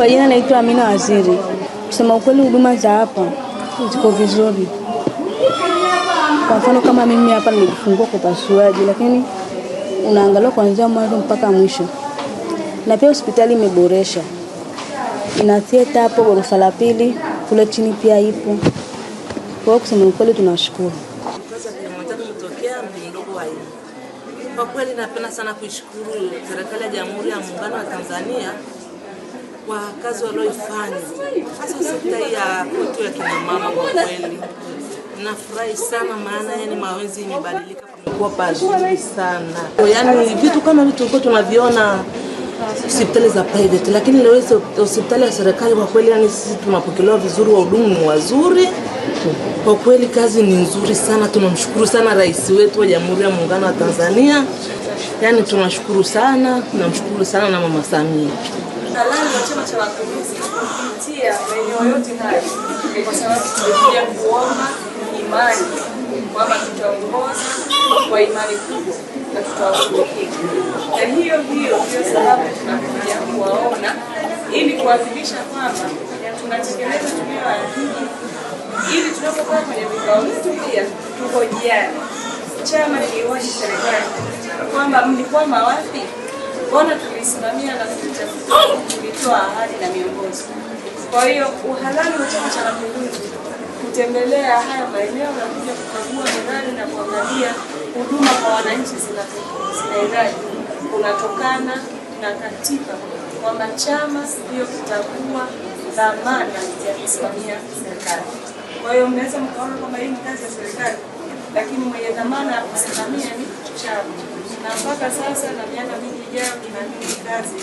Kwa jina naitwa Amina Waziri. Kusema ukweli, huduma za hapa ziko vizuri. Kwa mfano kama mimi hapa nilijifungua kwa upasuaji, lakini unaangalia kuanzia mwanzo mpaka mwisho, na pia hospitali imeboresha, ina theater hapo ghorofa la pili, kule chini pia ipo. Kwa hiyo kusema ukweli, tunashukuru kwa kweli. Napenda sana kuishukuru serikali ya Jamhuri ya Muungano wa Tanzania kwa kazi walioifanya, hasa sekta ya kutu ya kina mama. Kwa kweli nafurahi sana, maana yani mawezi imebadilika, kumekuwa pazuri sana. Yani vitu kama vitu tulikuwa tunaviona hospitali za private, lakini leo hizo hospitali ya serikali kwa kweli, yani sisi tunapokelewa vizuri, wahudumu ni wazuri kwa kweli, kazi ni nzuri sana. Tunamshukuru sana rais wetu wa Jamhuri ya Muungano wa Tanzania, yani tunashukuru sana, tunamshukuru sana na Mama Samia kiamsho cha matumizi kupitia maeneo yote hayo, kwa sababu tumekuja kuomba imani kwamba tutaongoza kwa imani kubwa na tutawatumikia, na hiyo hiyo ndiyo sababu tunakuja kuwaona ili kuadhimisha kwamba tunatekeleza tuliyoahidi, ili tunapokuwa kwenye vikao vyetu pia tuhojiane, chama kiliwahi serikali kwamba mlikwama wapi. Mbona tulisimamia na tulitoa ahadi na miongozo. Kwa hiyo uhalali wa Chama cha Mapinduzi kutembelea haya maeneo na kuja kukagua miradi na kuangalia huduma kwa wananchi zinaendaje kunatokana na katiba kwamba chama ndiyo kitakuwa dhamana ya kusimamia serikali. Kwa hiyo mnaweza mkaona kwamba hii ni kazi ya serikali lakini mwenye dhamana ya kusimamia ni chama, na mpaka sasa na miaka mingi ijayo, tunaamini kazi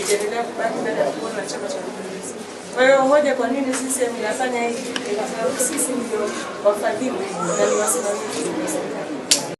itaendelea kubaki baada ya kuona Chama cha Mapinduzi. Kwa hiyo hoja, kwa nini sisi inafanya hivi? Kwa sababu sisi ndio wafadhili na ni wasimamizi wa serikali.